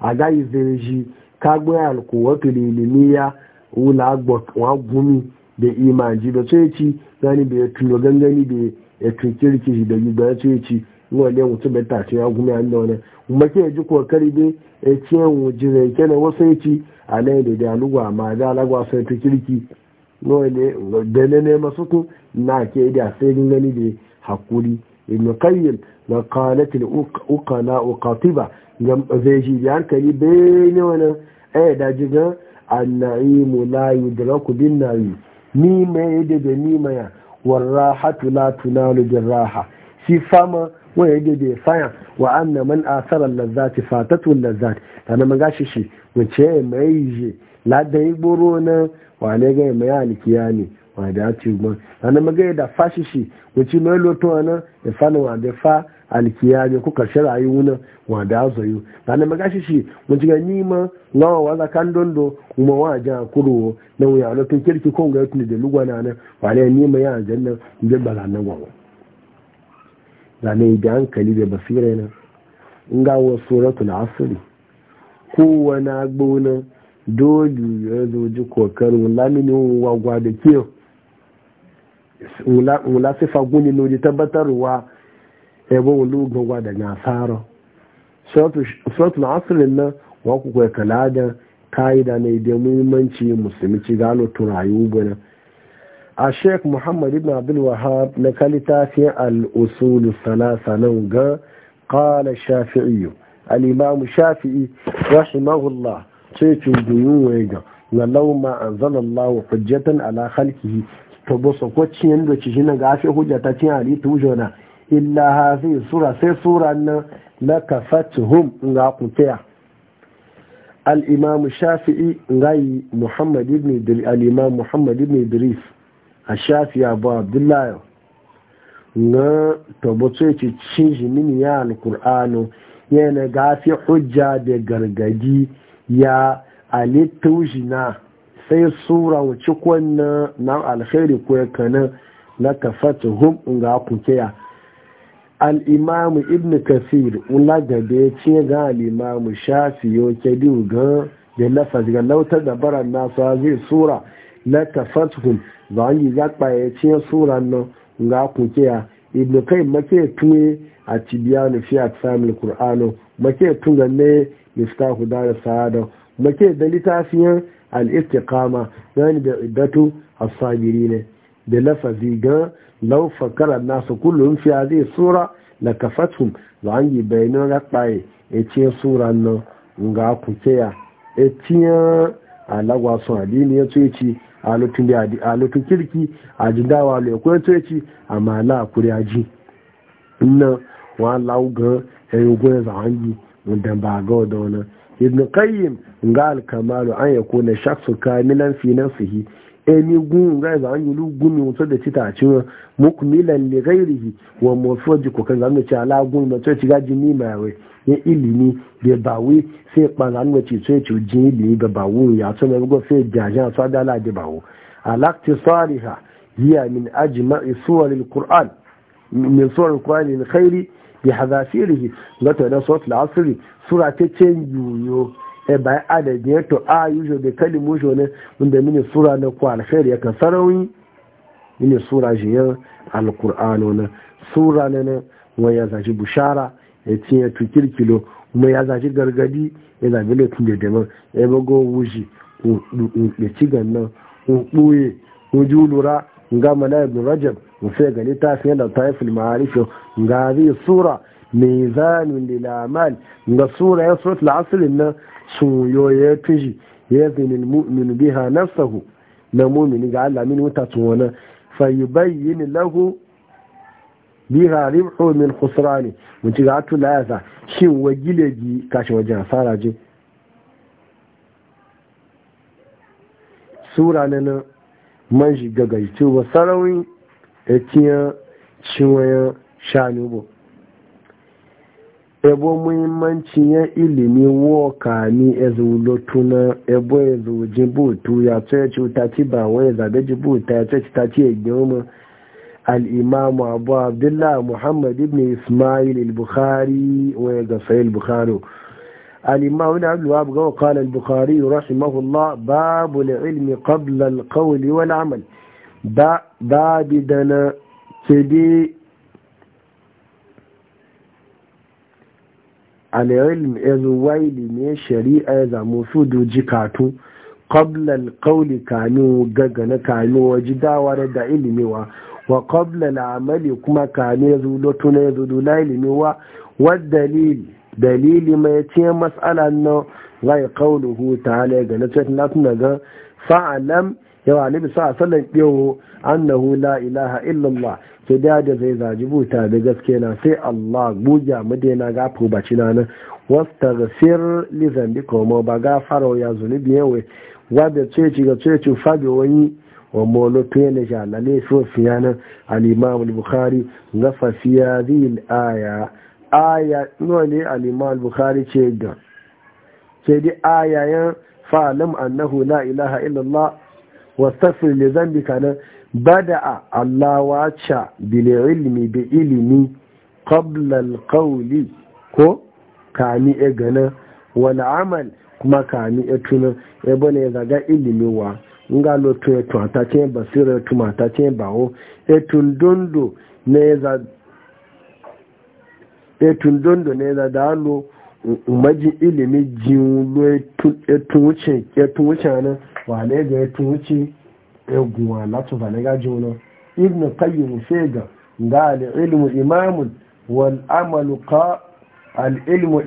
a gayi zai shi kagbin ilimi ya wula gumi da imanji da ci. gani bai tuno gangani bai ya tuki rikishi da yuba ya ce ci ne mutum bai tace ya gumi an da wani kuma ke ji kokari dai ya ce mu ke kenan wasu ya ci a nan da da lugwa ma da lagwa sai ta kirki wani da ne ne masu ku na ke da sai gani da hakuri ibn yi na qalat uka na uqatiba gam zai ji da hankali bai ne wani eh da jiga an-na'imu la yudraku bin yi ni mai da ni maya na tuna tunalu birraha shi fama wani yadda bai faya wa anna man asara lazzati fatatu lazzati kana na gashi shi wace mai je ladan gboro na wane ga mai alkiya ne wa ya ci gwan kana man ga da fashi wace mai loto na da fana wa da fa Alikiyaye ko karshe rayuwa wa da zayo ranar magashi shi mun ji gani ma nawa wa kan dondo kuma wa ja kuro na wuya na tun kirki ko ga tun da lugwana na wale ni ma ya janna je bala nan gwa ne da hankali da basira na in ga wa suratul asr wani agbona dole ya zo ji ne wa gwa da kiyo wula sifa guni noji tabbatarwa ebo wulu gangwa da nasara sautu asirin nan wa ku da ka'ida ne da muhimmanci musulmi ci galo ugbo na a sheik muhammad ibn abdul wahab na kalitafin al'usul salasa nan ga kala shafi'i al'imamu shafi'i rahimahullah ce cunjuyun wega na lauma an lawa hujjatan ala halki to ba su kwaciyar da ci shi na gafe hujjata cin halittu jona illa hazi sura sai sura nan la kafatuhum ga kutaya al-imam shafi'i ngai muhammad ibn idris al-imam muhammad ibn idris ash-shafi'i abu abdullah na tabbace ci cinji mini ya al-qur'anu yana gafi hujja da gargadi ya alittujina sai sura wuce kwanna na alkhairi ko kana la kafatuhum ga kutaya al'imamu ibn kafir da ya ce ga al'imamu shafi yau ke ga da lafaz ga lautar da baran nasu zai sura na tafasuhun ba an yi zakpa ya ce sura nan ga kuke ibn kai make tuni a tibiyanu fi a samun kur'anu make tun mista huda da sa'ada make da littafiyan al-istiqama yani da a as ne da lafazi gan lau fakara nasu kullum fi zai sura la kafatum za an yi bayanin rakpaye e ce sura nan nga kukeya e tiya alagwa sun adini tsoye ci a kirki a jindawa lo ekwe ci a mala a kuri aji nan wa laugan yayin gwen za an yi wanda ba ga wadda wani ibn qayyim nga alkamalu an yakuna shakhsu kamilan fi nafsihi emi gun ga za an yi lugun mi wato da cita a mukmilan li ghairihi wa mawfaji ko kan zan ce ala gun ma ce ga jini ma yawe ya ilimi da bawe sai kpanan wace ce ce jini ilimi da bawo ya to mai go sa da la da bawo hiya min suwar alquran min suwar alquran alkhairi bi hadafirihi wato da e al sura ta yuyo e eh, bai adadi ya to a ah, yujo bai kalimu jo ne wanda mini sura na ku alkhairi ya kan sarawi mini sura jiyar alkur'ano na sura na na wani ya zaji bushara ya tu kirkilo kuma ya zaji gargadi ya zabi laifin da damar ya bago wuji ya ci gannan un ɓoye un ji lura nga mana ibn rajab mu sai gani ta fiye da ta yi filmarifin ga zai sura mai zanin lilamal ga sura ya surat la'asirin nan sun ya tuji ya zini mu'min biha nafsahu na mu'min ga Allah min wuta tun wani fayubayyin lahu biha ribhu min khusrani mun ci ga tula ya sa shin wagile gi kashi wajen asara je sura na na man shiga gaji cewa sarawin ya ciyan ebo muhimmancin ya ilimi woka ni ezulotu na ebo ezu jibutu ya tsaye cuta ci ba wani zaɓe jibuta ya tsaye cuta ci egiyoma al'imam abu abdullah muhammad ibn ismail al-bukhari wani ga sayi al-bukhari al'imam ibn abu abu gawa kala al-bukhari rahimahullah babu na ilimi qabla kawuli wani wal amal ba bi dana sai al'ilm ya zuwa ne shari'a ya zamu su doji katu qablal qawli kanu gagana kanu waji dawar da ilimiwa wa qablal amali kuma kanu ya zuwa tuna ya zo, zuwa ilimiwa wadda dalili mai ce mas'ala nan zai qawluhu ta'ala ga na cikin nasu daga fa'alam yawa nabi sallallahu alaihi wasallam annahu la ilaha illallah sai da da zai zaji buta da gaske na sai Allah buja madina ga fubaci na nan wastaghfir li zambika wa ba gafara ya zunubi yawe wa da ce ci ga ce ci fage wani wa molo to ne ja la le so nan al imam al bukhari gafa fi zil aya aya no ne al imam al bukhari ce ga sai dai ayayan fa'alam annahu la ilaha illallah wastaghfir li zambika nan bada'a Allah wacha bil ilmi bi ilimi qabla al qawli ko kani e gana wani amal kuma kani e tuna e bane e zaga ilimi wa nga lo to e to ta ce basira e to ma ta ce bawo e tun dondo ne e za e tun dondo ne za da lo umaji ilimi jin lo e tun wuce e tun wuce nan wale ga e tun wuce egun alatu ba na gaji qayyim fega ga al'ilmu imamun wal amalu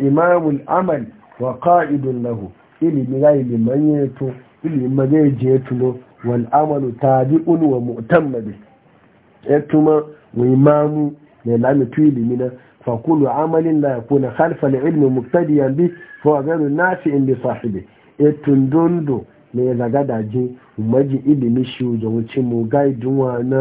imamul amal wa qa'idun lahu ilimi ga iliman yato ilimin zai je wal amalu tabi'un wa mu'tammad e mu imamu ne lami tu ilimi fa kullu amalin la yakuna khalfa al-ilmi muqtadiyan bi fa ghayru nafi'in bi sahibi etundondo ne zaga daji maji ilimi shi da wuce mu gaidin wani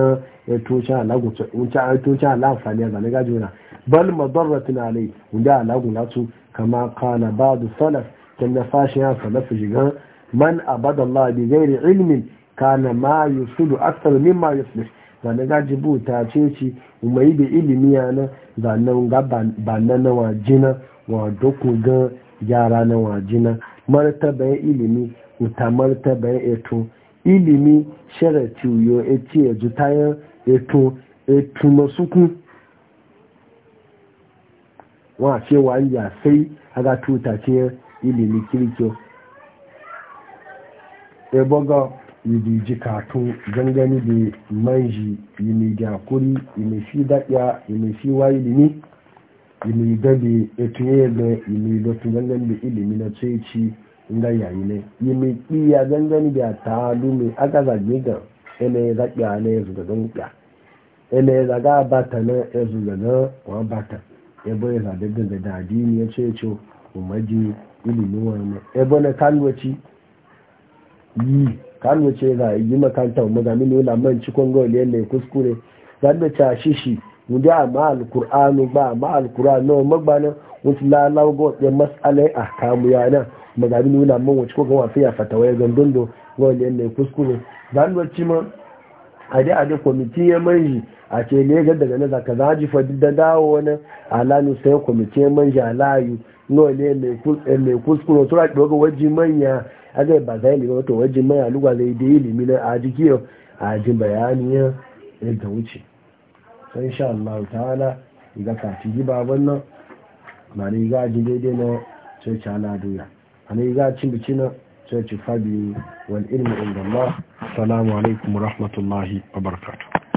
ya toshe ala'amfani a zane gaji wana bal madarratin alai wunde alagun latu kama kana ba da salaf ta na fashe ya salafi shiga man abadallah bi gairi ilmin kana ma yusudu aksar yi yusudu zane gaji ta ce ci umayi da ilimi na zanen ga banna na wajina wa dokun ga yara na wajina martabayin ilimi uta martabayin eto ilimi sharati yo eti eju tayan eto etu masukun wọn àṣẹ wà ń yà sí agatu tàtíyàn ilimi kirikyo ẹgbọ́gọ́ e ìdíjì kàtún gangani da manji ilimi gyakuri ilimi fi daɗya ilimi fi wa ilimi ilimi gabe etu yẹ ilimi lọtun gangani da ilimi na tsoye nga yayi ne yi mai tsiya gangani da ta dume aka zage ga ene ya zaɓi a na ya zuga don ƙya ene ya zaga bata na ya zuga na wa bata ebo ya zaɓi ganga da adini ya ce ce umarji ilimin wani ebo na kanwaci yi kanwace za a yi makanta wa mazamin yola man cikon gawali yadda ya kuskure zaɓi ta shishi wunde a ma alkur'anu ba ma alkur'anu magbanin wata lalawa ga waɗanda matsalai a ya yana magabi nuna man wacce ko ga wasu ya fata ya gandun da wani yanda ya kuskure zan wacce ma a dai a dai kwamiti ya manji a ce ne ga daga na zaka zaji fa da dawo wani alanu sai kwamiti ya manji a layu nawa ne mai kuskure tura ki ga wajen manya a ga ba zai ne wato wajen manya lugwa zai da limi na a jiki a ji bayani ya ta wuce sai insha Allah ta'ala iga ka ji ba wannan ba ne iga ji daidai na sai ta ala doya ane za a bici na sai ci fabi wal ilmi inda Allah salamu alaikum wa rahmatullahi wa barakatuh